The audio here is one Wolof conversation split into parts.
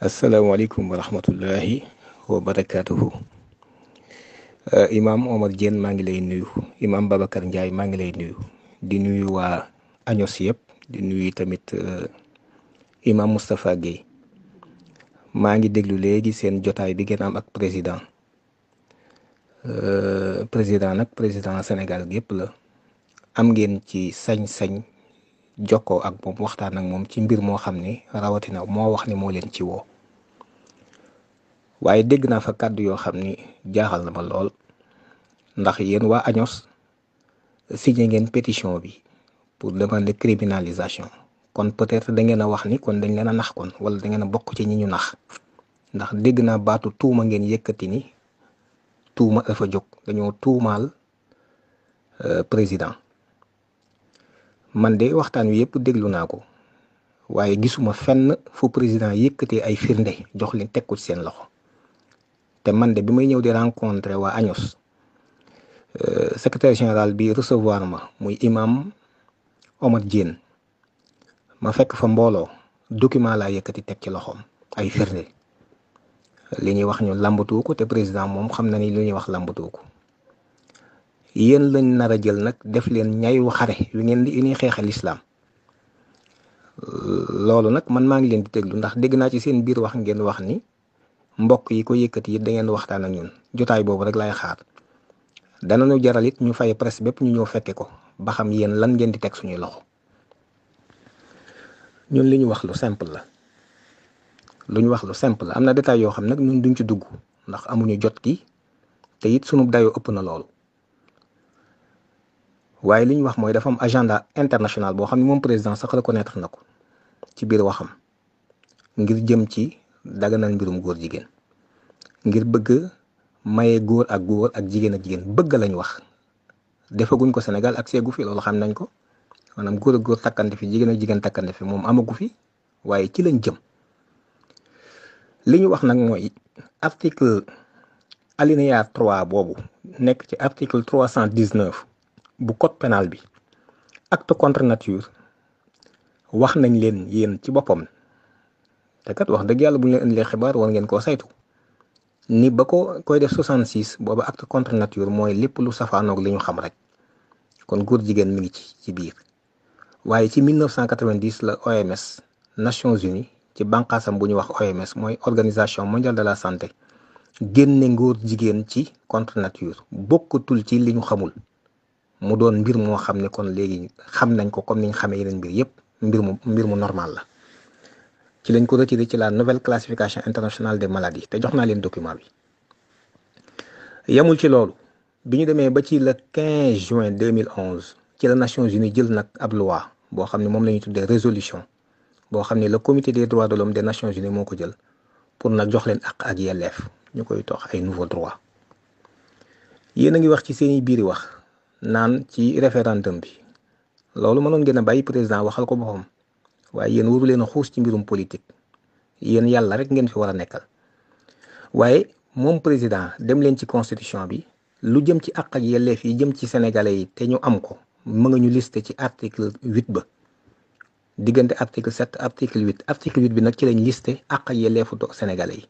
asalaamaaleykum wa rahmatullahi wa barakaatuhu uh, imaam Omar Diène maa ngi lay nuyu imaam Babacar Ndiaye maa ngi lay nuyu di nuyu waa Agnos yëpp di nuyu tamit uh, imaam Moustapha Guèye maa ngi déglu léegi seen jotaay bi ngeen am ak président uh, président nag président Sénégal gépp la am ngeen ci sañ-sañ jokkoo ak moom waxtaan ak moom ci mbir moo xam ni rawatina moo wax ni moo leen ci woo. waaye dégg naa fa kàddu yoo xam ni jaaxal na ma lool ndax yéen waa ANOS signé ngeen pétition bi pour demander criminalisation kon peut-être da ngeen a wax ni kon dañ leen a nax kon wala da ngeen a bokk ci ñi ñu nax ndax dégg naa baatu tuuma ngeen yëkkati ni tuuma dafa jóg dañoo tuumaal euh, président man de waxtaan wi yëpp déglu naa ko waaye gisuma fenn fu président yëkkatee ay firnde jox leen teg ko ci seen loxo. te man de bi may ñëw di rencontrer waa Agnos euh, secrétaire général bi recevoir ma muy imam Omar Diène ma fekk fa mbooloo document laa yëkkati teg ci loxoom ay firnde li ñuy wax ñu lambatu ko te président moom xam na ni li ñuy wax lambatu ko yéen lañ nar a jël nag def leen ñayu xare yu ngeen di yu ñuy xeexal islam loolu nag man maa ngi leen di déglu ndax dégg naa ci seen biir wax ngeen wax ni. mbokk yi ko yëkkati yit da ngeen waxtaan ak ñun jotaay boobu rek lay xaar danañu jaral it ñu fay presque bépp ñu ñëw fekke ko ba xam yéen lan ngeen di teg suñuy loxo ñun li ñu wax lu simple la lu ñu wax lu simple la am na détail yoo xam nag ñun duñ ci dugg ndax amuñu jot ki te it sunu dayoo ëpp na loolu waaye li ñu wax mooy dafa am agenda international boo xam ne moom président sax reconnaître na ko ci biir waxam ngir jëm ci. nañ mbirum góor jigéen ngir bëgg maye góor ak góor ak jigéen ak jigéen bëgg lañ wax defaguñ ko senegal ak seegu fi loolu xam nañ ko maanaam góor a góor takkante fi jigéen ak jigéen takkante fi moom amagu fi waaye ci lañ jëm li ñu wax nag mooy article alinéa 3 boobu nekk ci article 319 bu code pénal bi acte contre nature wax nañ leen yéen ci boppam te kat wax dëgg yàlla bu ñu leen indilee xibaar war ngeen koo saytu ni ba ko koy def 66 booba acte contre nature mooy lépp lu safaanook li ñu xam rek kon góor jigéen mi ngi ci ci biir waaye ci 1990 la OMS Nations Unies ci banqaasam bu ñu wax OMS mooy organisation mondiale de la santé génne ngóor jigéen ci contre nature bokkatul ci li ñu xamul mu doon mbir moo xam ne kon léegi xam nañ ko comme niñ xamee yeneen mbir yépp mbir mu mbir mu normal la ci lañ ko retiré ci la nouvelle classification internationale des maladies te jox naa leen document bi yemul ci loolu bi ñu demee ba ci la 15 juin 2011 ci la Nations Unies jël nag ab loi boo xam ne moom lañu tuddee résolution boo xam ne la comité des droits de l'homme des Nations Unies moo ko jël pour nag jox leen ak ak yelleef ñu koy tox ay nouveaux droits yéen a ngi wax ci seeni biiri wax naan ci référendum bi loolu mënoon ngeen a bàyyi président waxal ko boppam. waaye yéen waru leen a xuus ci mbirum politique yéen yàlla rek ngeen fi war a nekkal waaye moom président dem leen ci constitution bi lu jëm ci àq ak yelleef yi jëm ci sénégalais yi te ñu am ko mën nga ñu liste ci article huit ba diggante article sept set huit article bi nag ci lañ liste àq ak yelleefu sénégalais yi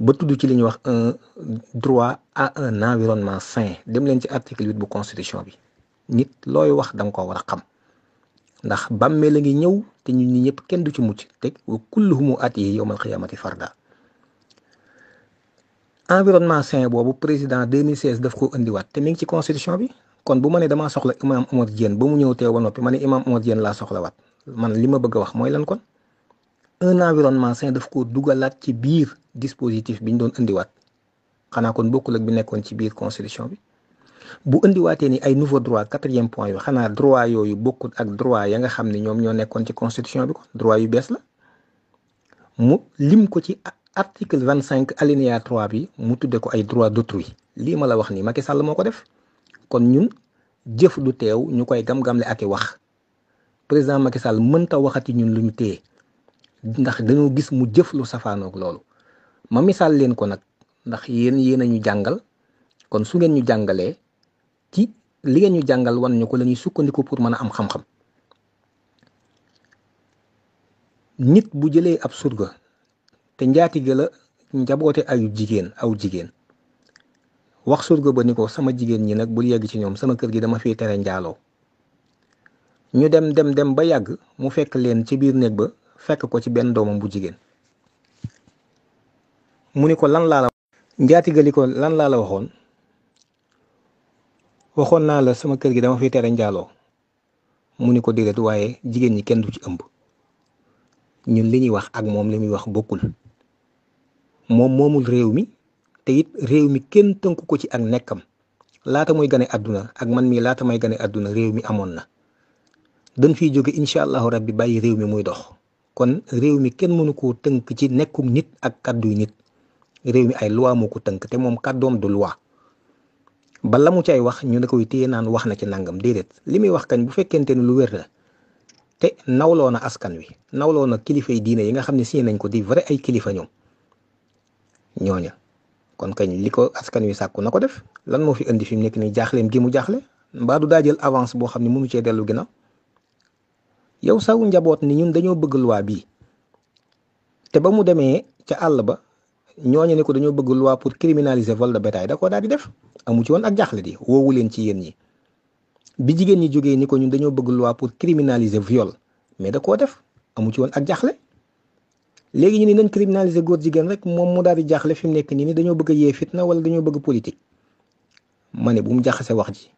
ba tudd ci li ñuy wax un droit à un environnement sain dem leen ci article bu constitution bi nit looy wax danga ko war a xam ndax bàmmee la ngi ñëw te ñu ñi ñëpp kenn du ci mucc teg wa kulluhumu atihi yowmal xiyaamati farda environnement sain boobu président 2016 daf ko indiwaat te mi ngi ci bi kon bu ma ne damaa soxla imam Omar ba mu ñëw teew ba noppi ma ne imam Omar Diène laa soxlawaat man li ma bëgg a wax mooy lan kon un environnement sain daf ko dugalaat ci biir dispositif bi ñu doon indiwaat xanaa kon bokkul ak bi nekkoon ci biir constitution bi. bu indiwaatee ni ay nouveau droit quatrième point yu xanaa droit yooyu bokkut ak droit ya nga xam ne ñoom ñoo nekkoon ci constitution bi kon droit yu bees la mu lim ko ci article vingt cinq alinéa trois bi mu tudde ko ay droit d'autrui lii ma la wax nii Macky Sall moo ko def kon ñun jëf du teew ñu koy gam-gamle ak i wax président Macky Sall mënta waxati ñun lu ñu téye ndax dañoo gis mu jëf lu safaanoog loolu ma misaal leen ko nag ndax yéen yéen a ñu jàngal kon su ngeen ñu jàngalee ci li ngeen ñu jàngal wan ñu ko lañuy ñuy sukkandiku pour mën a am xam-xam nit bu jëlee ab surga te njaatige la njaboote ayu jigéen aw jigéen wax surgo ba ni ko sama jigéen ñi nag bu yegg ci ñoom sama kër gi dama fi tere njaaloo ñu dem dem dem ba yàgg mu fekk leen ci biir néeg ba fekk ko ci benn doomam bu jigéen mu ni ko lan laa la njaatige ko lan laa la waxoon waxoon naa la sama kër gi dama fiy tere njaaloo mu ni ko déedéet waaye jigéen ñi kenn du ci ëmb ñun li ñuy wax ak moom li muy wax bokkul moom moomul réew mi te it réew mi kenn tënk ko ci ak nekkam laata muy gane àdduna ak man mii laata may gane àdduna réew mi amoon na dan fiy jóge incha allahu rabbi bàyyi réew mi muy dox kon réew mi kenn mënu koo tënk ci nekkum nit ak kàdduy nit réew mi ay loi moo ko tënk te moom kàddoom du loi ba la mu cay wax ñu ne koy téye naan wax na ci nangam déedéet li muy wax kañ bu fekkente ni lu wér la te nawloo na askan wi nawloo na kilifa yi diine yi nga xam ne si nañ ko di vrai ay kilifa ñoom ñooña kon kañ li ko askan wi sàkku na ko def lan moo fi indi fi mu nekk nii jaaxleem gi mu jaaxle mbaa du daa jël avance boo xam ne mënu cee dellu ginnaaw yow saw njaboot ni ñun dañoo bëgg luwaa bii te ba mu demee ca àll ba ñooñu ne ko dañoo bëgg loi pour criminaliser vol de bétail da ko daal def amu ci woon ak jaaxle di woowu leen ci yéen ñi bi jigéen ñi jógee ni ko ñun dañoo bëgg loi pour criminaliser viol mais da koo def amu ci woon ak jaaxle léegi ñu ni nañ criminaliser góor jigéen rek moom mu daal di jaaxle fi mu nekk nii ni dañoo bëgg a yee fitna dañoo bëgg politique ma ne bu mu jaxase wax ji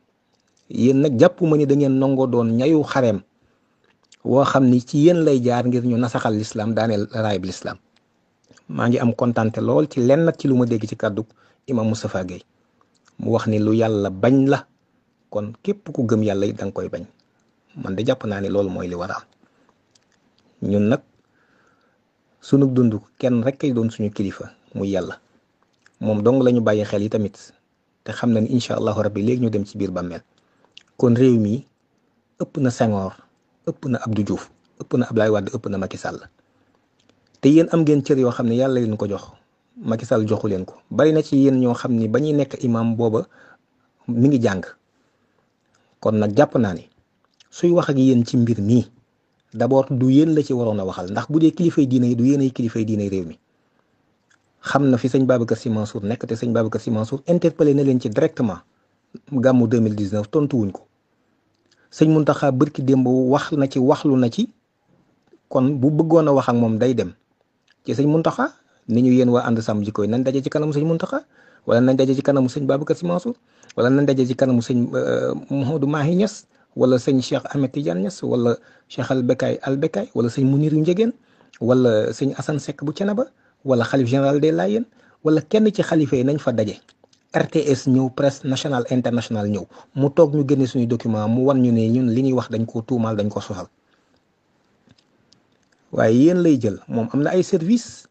yéen nag jàppuma ma ni da ngeen nangoo doon ñayu xareem woo xam ni ci yéen lay jaar ngir ñu nasaxal lislaam daaneel raay bi lislaam maa ngi am kontante lool ci lenn nag ci lu ma dégg ci kàddu imam Moustapha Guèye mu wax ni lu yàlla bañ la kon képp ku gëm yàlla it danga koy bañ man de jàpp naa ni loolu mooy li war a ñun nag sunu dund kenn rek kay doon suñu kilifa muy yàlla moom dong lañu bàyyi xel yi tamit te xam na ni incha allahu rabbi léegi ñu dem ci biir bàmmeel kon réew mi ëpp na Senghor ëpp na du Diouf ëpp na ab Abdoulaye Wade ëpp na Macky sàll te yéen am ngeen cër yoo xam ne yàlla leen ko jox Macky Sall joxu leen ko bari na ci yéen ñoo xam ni ba ñuy nekk imam booba mi ngi jàng kon nag jàpp naa ne suy wax ak yéen ci mbir mii d'abord du yéen la ci waroon a waxal ndax bu dee kilifay diine yi du yéen kilifa kilifay diine réew mi xam na fi sëñ Babacar Sy Mansour nekk te sëñ Babacar Sy Mansour interpellé na leen ci directement gàmmu 2019 tontuwuñ ko sëñ Mountakha bërki démb wax na ci waxlu na ci kon bu bëggoon a wax ak moom day dem ci sëñ Muntaxa ni ñu yéen waa ànd sàmm jikko yi nañ daje ci kanamu sëñ Muntaxa wala nañ daje ci kanamu sëñ Babacar Sy Mansour wala nañ daje ci kanamu sëñ euh, Mouhamadou Mahi Niass wala sëñ Cheikh Ahmed Tidiane Niass wala Cheikh Albekaay Albekaay wala sëñ Munir yu Njegeen wala sëñ Assane Seck bu Cenaba wala xalif général des Layènes wala kenn ci xalifa yi nañ fa daje RTS ñëw presse nationale international ñëw mu toog ñu génne suñu document mu wan ñu ne ñun li ñuy wax dañ koo tuumaal dañ ko sosal waaye yéen lay jël moom am na ay service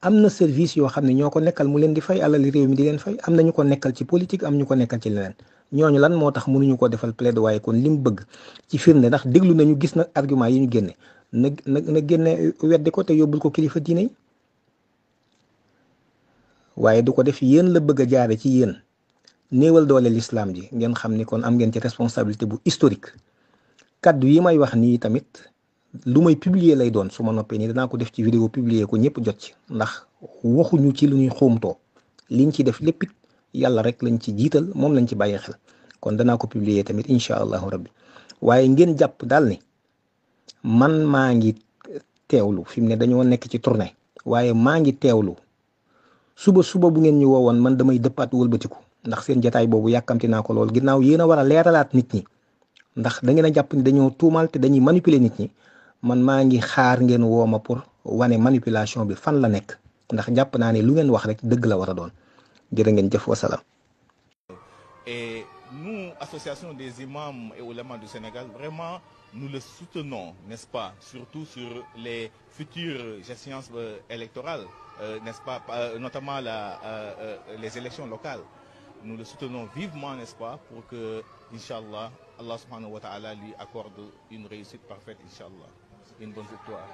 am na service yoo xam ne ñoo ko nekkal mu leen di fay alal réew mi di leen fay am na ñu ko nekkal ci politique am ñu ko nekkal ci leneen ñooñu lan moo tax mënuñu ko defal plaidoyer kon li mu bëgg ci firnde ndax déglu nañu gis nag argument yi ñu génne nag nag na génne weddi ko te yóbbul ko kilifa diine yi waaye du ko def yéen la bëgg a jaare ci yéen néewal doole lislaam ji ngeen xam ni kon am ngeen ci responsabilité bu historique kaddu yi may wax nii tamit. lu may publier lay doon su ma noppee nii danaa ko def ci vidéo publier ko ñëpp jot ci ndax waxuñu ci lu ñuy xuumtoo liñ ci def lépp yàlla rek lañ ci jiital moom lañ ci bàyyi xel kon danaa ko publier tamit incha allahu rabbi waaye ngeen jàpp daal ni man maa ngi teewlu fi mu ne dañoo nekk ci tournée waaye maa ngi teewlu suba suba bu ngeen ñu woowoon man damay dëppaat wëlbatiku ndax seen jataay boobu yàkkamti naa ko lool ginnaaw yéen a war a leeralaat nit ñi ndax da jàpp ni dañoo tuumal dañuy manipuler nit ñi man maa ngi xaar ngeen woo ma pour wane manipulation bi fan la nekk ndax jàpp naa ne lu ngeen wax rek dëgg la war a doon jërë ngeen jëf wasalaam. Et nous, Association des imams et oulémas du Sénégal, vraiment, nous le soutenons, n'est-ce pas, surtout sur les futures gestions euh, électorales, euh, n'est-ce pas, euh, notamment la, euh, euh, les élections locales. Nous le soutenons vivement, n'est-ce pas, pour que, Inch'Allah, Allah subhanahu wa ta'ala lui accorde une réussite parfaite, Inch'Allah. une bonne victoire.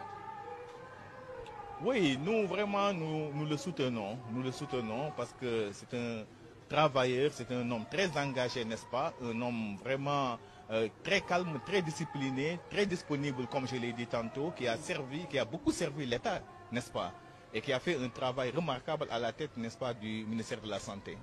Oui, nous vraiment, nous, nous le soutenons. Nous le soutenons parce que c'est un travailleur, c'est un homme très engagé, n'est-ce pas Un nom vraiment euh, très calme, très discipliné, très disponible, comme je l'ai dit tantôt, qui a servi, qui a beaucoup servi l'État, n'est-ce pas Et qui a fait un travail remarquable à la tête, n'est-ce pas, du ministère de la Santé.